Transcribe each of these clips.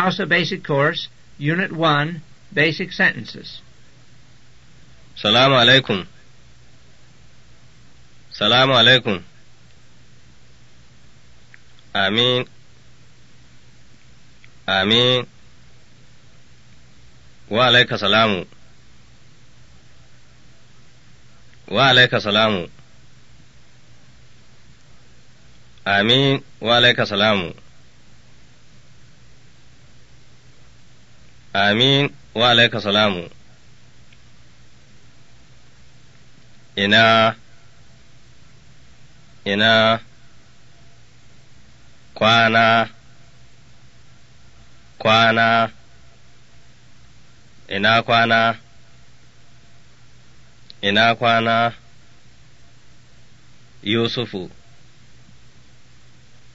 House of Basic Course, Unit 1, Basic Sentences. Salamu alaikum. Salamu alaikum. Amin. Amin. Wa alaika salamu. Wa alaika salamu. Amin. Wa alaika salamu. amin wa alaika salamu ina ina kwana kwana ina kwana ina kwana yusufu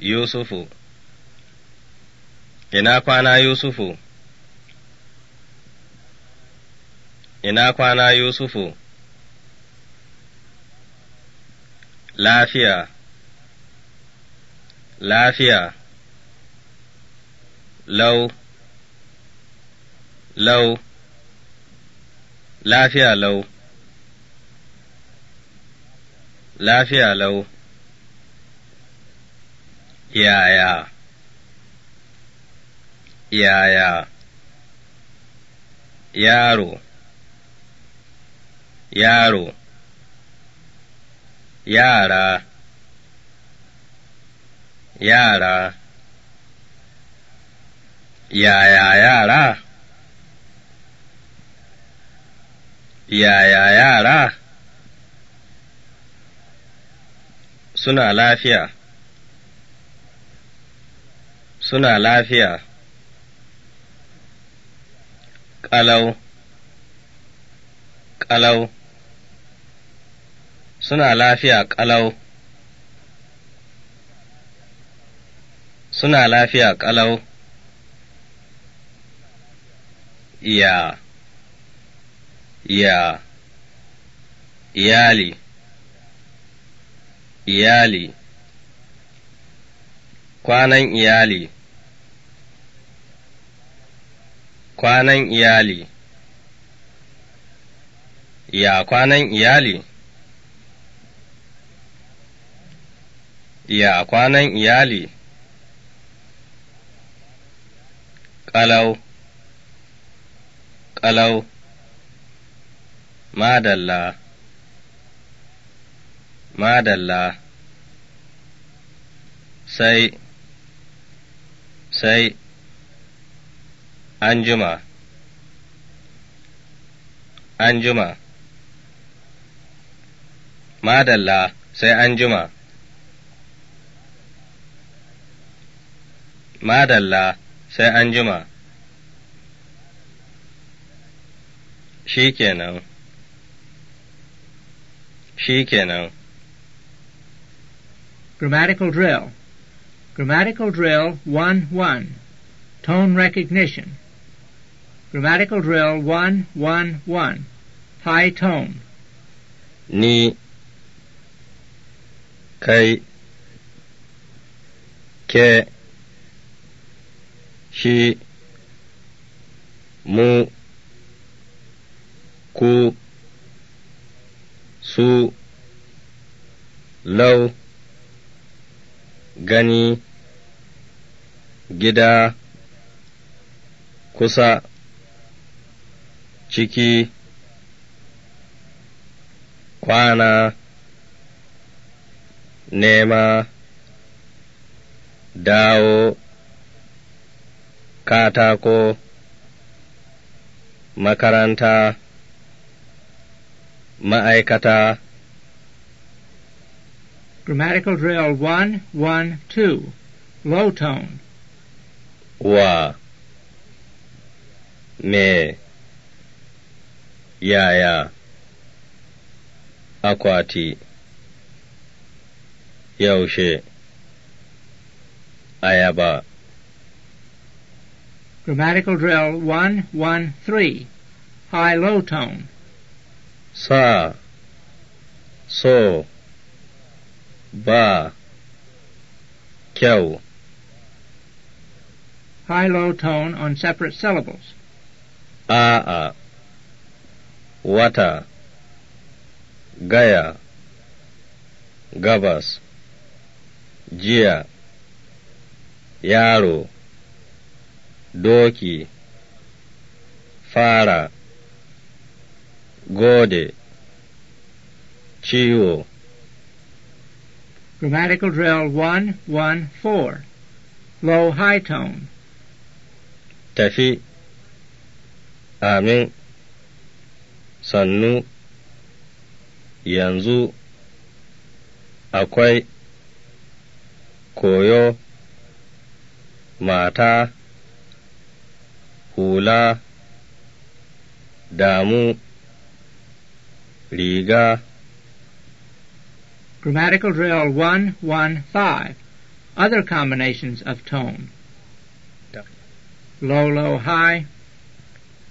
yusufu ina kwana yusufu Ina kwana Yusufu? Lafiya, lafiya, lau, lau, lafiya lau, lafiya lau, yaya, yaya, yaro. yaro, yara, yara, yaya yara, yaya yara, suna lafiya, suna lafiya, ƙalau, ƙalau. suna lafiya ƙalau, suna lafiya ƙalau, ya ya iyali, iyali, kwanan iyali, kwanan iyali, ya kwanan iyali. yeah, Ya kwanan iyali? Ƙalau, ƙalau, madalla, madalla, sai, sai, anjima, anjima, madalla, sai anjima. madalla sai an jima. Shi kenan, Grammatical drill. Grammatical drill 1 1. Tone recognition. Grammatical drill 1 1 1. High tone. Ni. Kai. Ke. shi mu ku su lau gani gida kusa ciki kwana nema dawo katako, makaranta, ma'aikata. Grammatical drill 1 Low tone. Wa. Me. Yaya. Akwati. Yaushe. Ayaba. Grammatical drill 113. High low tone. Sa. So. Ba. Kyo. High low tone on separate syllables. A. Wata. Gaya. Gavas. Jia. Yaro. doki, fara, gode, ciwo. Grammatical drill 114 Low high tone. Tafi, amin, sannu, yanzu, akwai, koyo, mata, hula damu riga Grammatical drill 115 Other combinations of tone Low low high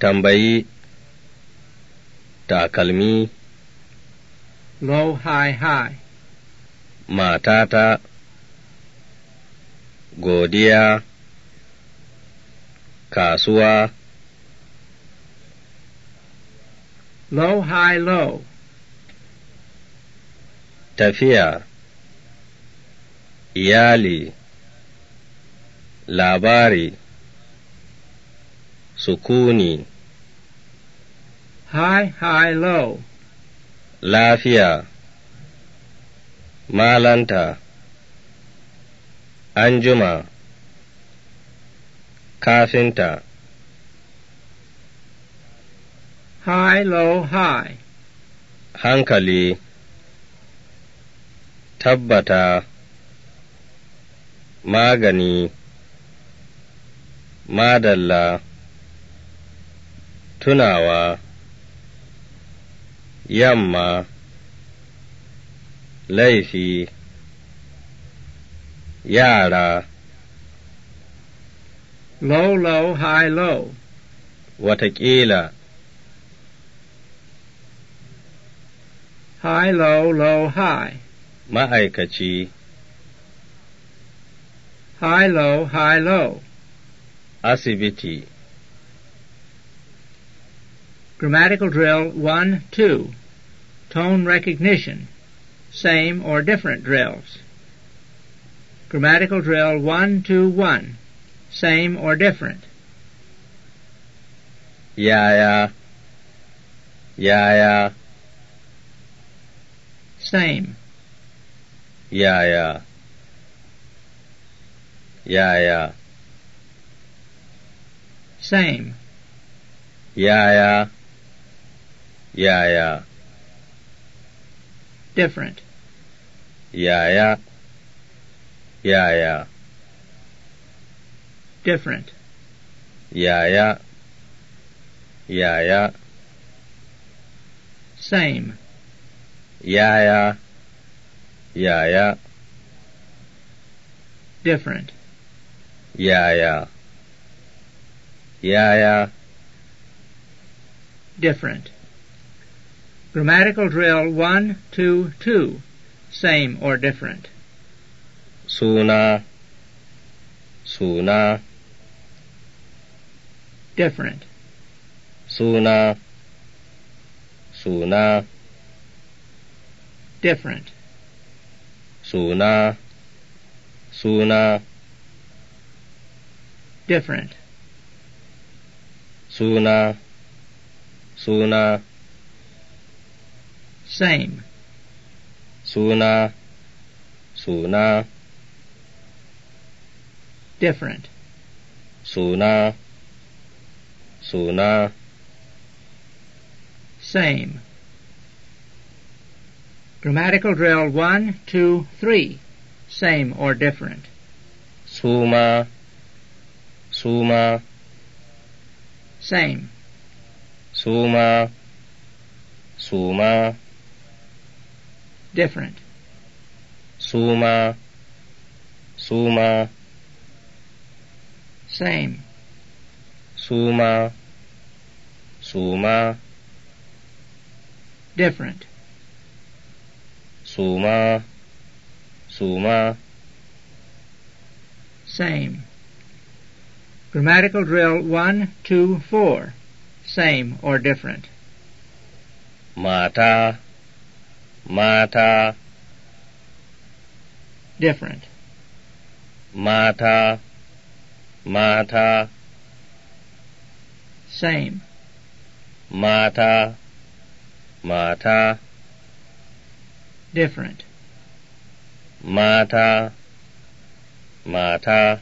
tambayi takalmi low high high matata godiya kasuwa low high low tafiya iyali labari sukuni high high low lafiya malanta anjuma kafinta high low high hankali tabbata magani madalla tunawa yamma laifi yara low, low, high, low. Watakila. High, low, low, high. Ma'aikaci. High, low, high, low. Asibiti. Grammatical drill 1, 2. Tone recognition. Same or different drills. Grammatical drill 1, 2, 1 same, or different? Yeah, yeah. Yeah, yeah. Same. Yeah, yeah. Yeah, yeah. Same. Yeah, yeah. Yeah, yeah. Different. Yeah, yeah. Yeah, yeah different. Yeah, yeah. Yeah, yeah. Same. Yeah, yeah. Yeah, yeah. Different. Yeah, yeah. Yeah, yeah. Different. Grammatical drill one, two, two. Same or different. Suna. Suna different. Suna, suna, different. Suna, suna, different. Suna, suna, same. Suna, suna, different. Suna, Suna. Same. Grammatical drill one, two, three. Same or different. Suma. Suma. Same. Suma. Suma. Different. Suma. Suma. Same. Suma. Suma. Different. Suma. Suma. Same. Grammatical drill one, two, four. Same or different. Mata. Mata. Different. Mata. Mata same. Mata, mata. Different. Mata, mata.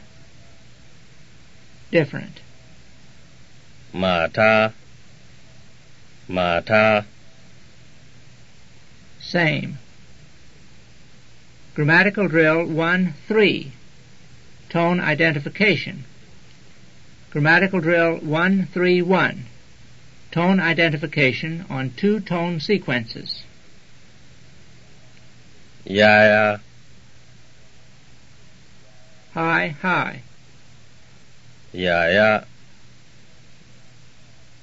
Different. Mata, mata. Same. Grammatical drill 1 3. Tone identification. Grammatical drill 131. Tone identification on two tone sequences. Yeah, yeah. High, high. Yeah, yeah.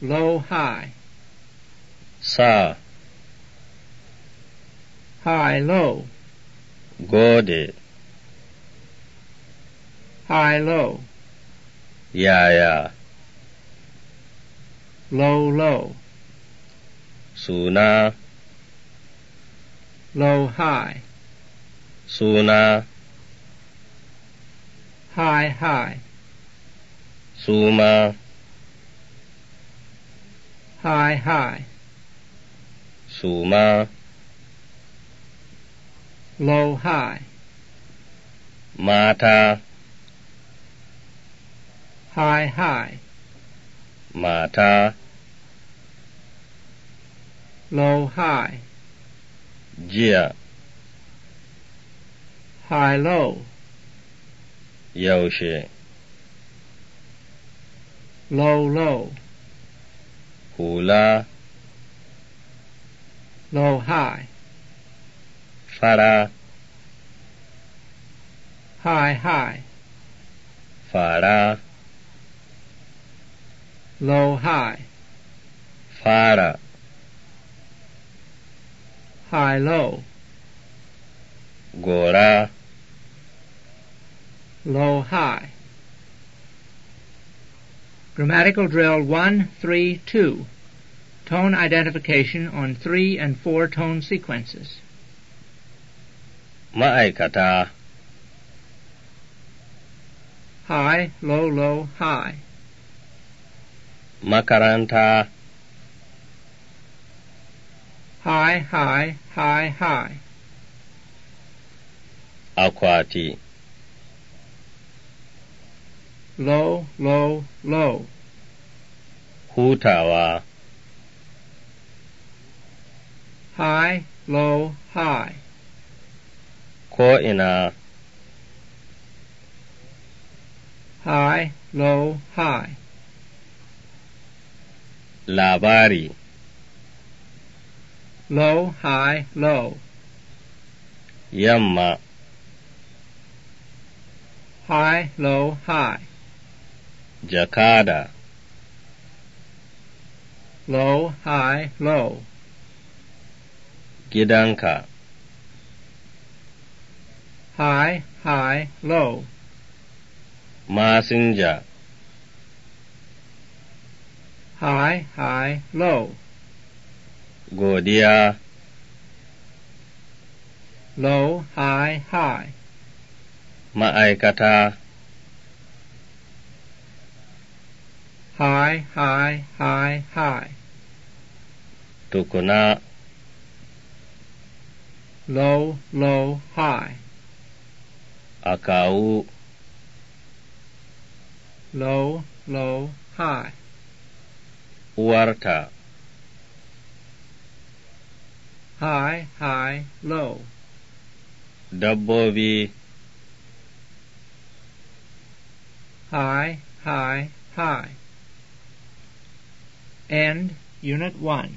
Low, high. Sa. High, low. Gode. High, low. Yeah, yeah. Low, low. Suna. Low, high. Suna. High, high. Suma. High, high. Suma. Low, high. Mata high, high. Mata. Low, high. Jia. High, low. Yoshi. low low hula low high 发啦 high high fara low high. Fara. High low. Gora. Low high. Grammatical drill 1, 3, 2. Tone identification on 3 and 4 tone sequences. Maikata. High, low, low, high. makaranta hi hi hi hi akwati low low low hutawa high low high ko ina high low high Labari Low, high, low Yamma High, low, high Jakada Low, high, low Gidanka High, high, low Masinja high, high, low. Godia. Low, high, high. Maikata. High, high, high, high. Tukuna. Low, low, high. Akau. Low, low, high. Warta. High, high, low. Wv. High, high, high. End Unit 1.